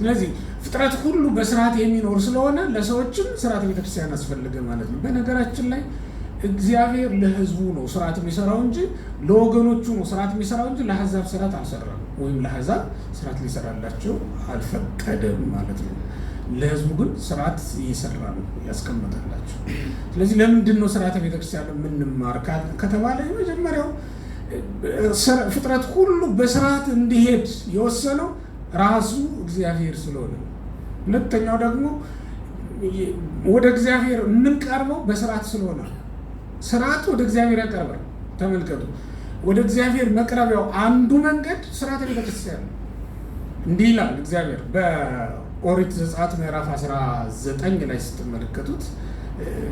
ስለዚህ ፍጥረት ሁሉ በስርዓት የሚኖር ስለሆነ ለሰዎችም ስርዓት ቤተክርስቲያን አስፈልገ ማለት ነው። በነገራችን ላይ እግዚአብሔር ለህዝቡ ነው ስርዓት የሚሰራው እንጂ ለወገኖቹ ነው ስርዓት የሚሰራው እንጂ ለአሕዛብ ስርዓት አልሰራም፣ ወይም ለአሕዛብ ስርዓት ሊሰራላቸው አልፈቀደም ማለት ነው። ለህዝቡ ግን ስርዓት እየሰራ ነው ያስቀመጠላቸው። ስለዚህ ለምንድን ነው ስርዓተ ቤተክርስቲያን የምንማር ከተባለ የመጀመሪያው ፍጥረት ሁሉ በስርዓት እንዲሄድ የወሰነው ራሱ እግዚአብሔር ስለሆነ፣ ሁለተኛው ደግሞ ወደ እግዚአብሔር የምንቀርበው በስርዓት ስለሆነ፣ ስርዓት ወደ እግዚአብሔር ያቀርባል። ተመልከቱ፣ ወደ እግዚአብሔር መቅረቢያው አንዱ መንገድ ስርዓተ ቤተክርስቲያን ነው። እንዲህ ይላል እግዚአብሔር በኦሪት ዘጸአት ምዕራፍ 19 ላይ ስትመለከቱት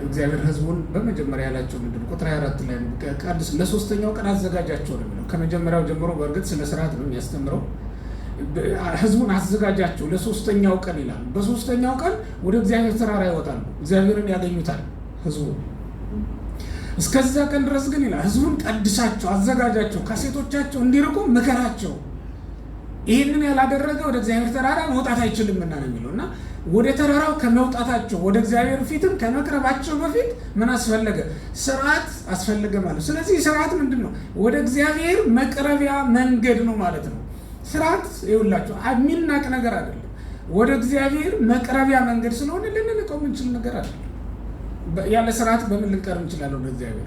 እግዚአብሔር ህዝቡን በመጀመሪያ ያላቸው ምንድን ቁጥር 24 ላይ ቀድስ ለሶስተኛው ቀን አዘጋጃቸው ነው የሚለው። ከመጀመሪያው ጀምሮ በእርግጥ ስለ ስርዓት ነው የሚያስተምረው ህዝቡን አዘጋጃቸው ለሶስተኛው ቀን ይላል። በሶስተኛው ቀን ወደ እግዚአብሔር ተራራ ይወጣሉ፣ እግዚአብሔርን ያገኙታል ህዝቡ። እስከዛ ቀን ድረስ ግን ይላል ህዝቡን ቀድሳቸው፣ አዘጋጃቸው፣ ከሴቶቻቸው እንዲርቁ ምከራቸው። ይህንን ያላደረገ ወደ እግዚአብሔር ተራራ መውጣት አይችልምና ነው የሚለው እና ወደ ተራራው ከመውጣታቸው ወደ እግዚአብሔር ፊትም ከመቅረባቸው በፊት ምን አስፈለገ? ስርዓት አስፈለገ ማለት። ስለዚህ ስርዓት ምንድን ነው? ወደ እግዚአብሔር መቅረቢያ መንገድ ነው ማለት ነው። ስርዓት ይውላቸው የሚናቅ ነገር አይደለም። ወደ እግዚአብሔር መቅረቢያ መንገድ ስለሆነ ልንንቀው የምንችል ነገር አይደለም። ያለ ስርዓት በምን ልንቀርብ እንችላለን? ወደ እግዚአብሔር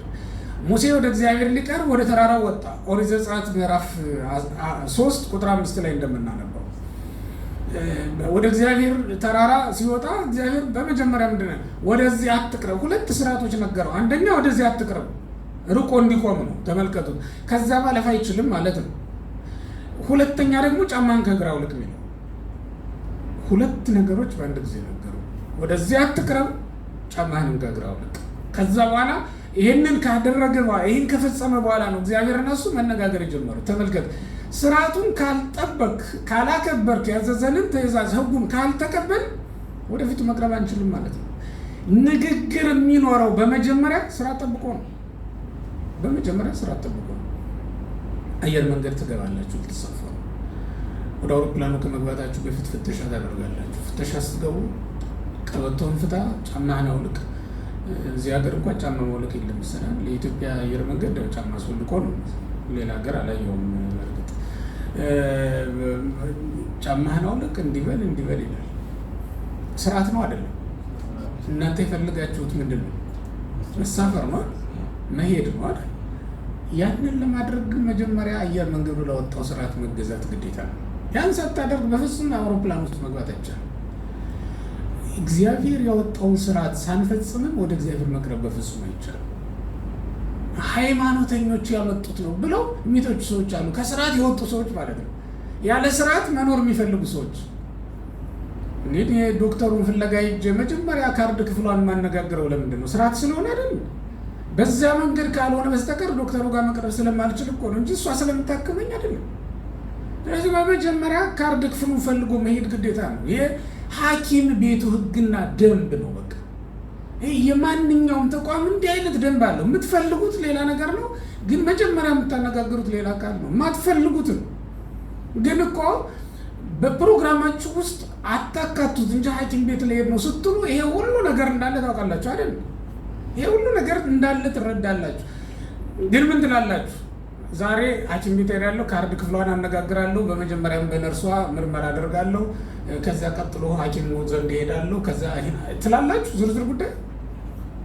ሙሴ ወደ እግዚአብሔር ሊቀርብ ወደ ተራራው ወጣ። ኦሪት ዘጸአት ምዕራፍ ሶስት ቁጥር አምስት ላይ እንደምናነበው ወደ እግዚአብሔር ተራራ ሲወጣ እግዚአብሔር በመጀመሪያ ምንድን ነው ወደዚህ አትቅረብ፣ ሁለት ስርዓቶች ነገረው። አንደኛ ወደዚህ አትቅረብ፣ ርቆ እንዲቆም ነው። ተመልከቱ። ከዛ ባለፍ አይችልም ማለት ነው። ሁለተኛ ደግሞ ጫማን ከግራው አውልቅ የሚለው ሁለት ነገሮች በአንድ ጊዜ ነገሩ። ወደዚህ አትቅረብ፣ ጫማህንም ከግራው ልቅ። ከዛ በኋላ ይህንን ካደረገ በኋላ ይህን ከፈጸመ በኋላ ነው እግዚአብሔር እነሱ መነጋገር የጀመሩ። ተመልከት፣ ስርዓቱን ካልጠበቅ ካላከበርክ፣ ያዘዘንን ትእዛዝ ህጉን ካልተቀበል ወደፊቱ መቅረብ አንችልም ማለት ነው። ንግግር የሚኖረው በመጀመሪያ ስራ ጠብቆ ነው። በመጀመሪያ ስራ ጠብቆ ነው። አየር መንገድ ትገባላችሁ፣ ልትሳፈሩ ወደ አውሮፕላኑ ከመግባታችሁ በፊት ፍተሻ ታደርጋላችሁ። ፍተሻ ስትገቡ ቀበቶን ፍታ፣ ጫማህን አውልቅ። እዚህ ሀገር እንኳ ጫማ መውለቅ የለም ይሰላል። የኢትዮጵያ አየር መንገድ ጫማ አስወልቆ ነው። ሌላ ሀገር አላየውም። በእርግጥ ጫማህን አውልቅ፣ እንዲበል እንዲበል ይላል። ስርዓት ነው አይደለም? እናንተ የፈልጋችሁት ምንድን ነው? መሳፈር ነው፣ መሄድ ነው አይደል? ያንን ለማድረግ መጀመሪያ አየር መንገዱ ለወጣው ስርዓት መገዛት ግዴታ ነው። ያን ሳታደርግ በፍጹም አውሮፕላን ውስጥ መግባት አይቻልም። እግዚአብሔር ያወጣውን ስርዓት ሳንፈጽምም ወደ እግዚአብሔር መቅረብ በፍጹም አይቻልም። ሃይማኖተኞቹ ያመጡት ነው ብለው የሚተቹ ሰዎች አሉ። ከስርዓት የወጡ ሰዎች ማለት ነው። ያለ ስርዓት መኖር የሚፈልጉ ሰዎች እንግዲህ ዶክተሩን ፍለጋ ሂጅ። መጀመሪያ ካርድ ክፍሏን ማነጋግረው ለምንድን ነው? ስርዓት ስለሆነ አይደል? በዛ መንገድ ካልሆነ በስተቀር ዶክተሩ ጋር መቅረብ ስለማልችል እኮ ነው እንጂ እሷ ስለምታክመኝ አይደለም። ስለዚህ በመጀመሪያ ካርድ ክፍሉን ፈልጎ መሄድ ግዴታ ነው። ይሄ ሐኪም ቤቱ ህግና ደንብ ነው። በቃ የማንኛውም ተቋም እንዲህ አይነት ደንብ አለው። የምትፈልጉት ሌላ ነገር ነው፣ ግን መጀመሪያ የምታነጋግሩት ሌላ ካል ነው። የማትፈልጉትን ግን እኮ በፕሮግራማችሁ ውስጥ አታካቱት እንጂ ሐኪም ቤት ለሄድ ነው ስትሉ ይሄ ሁሉ ነገር እንዳለ ታውቃላችሁ አይደለም። ይህ ሁሉ ነገር እንዳለ ትረዳላችሁ። ግን ምን ትላላችሁ? ዛሬ ሐኪም ቤት ሄዳለሁ ካርድ ክፍሏን አነጋግራለሁ። በመጀመሪያም በነርሷ ምርመራ አደርጋለሁ። ከዚያ ቀጥሎ ሐኪም ዘንድ እሄዳለሁ። ከዚያ ትላላችሁ ዝርዝር ጉዳይ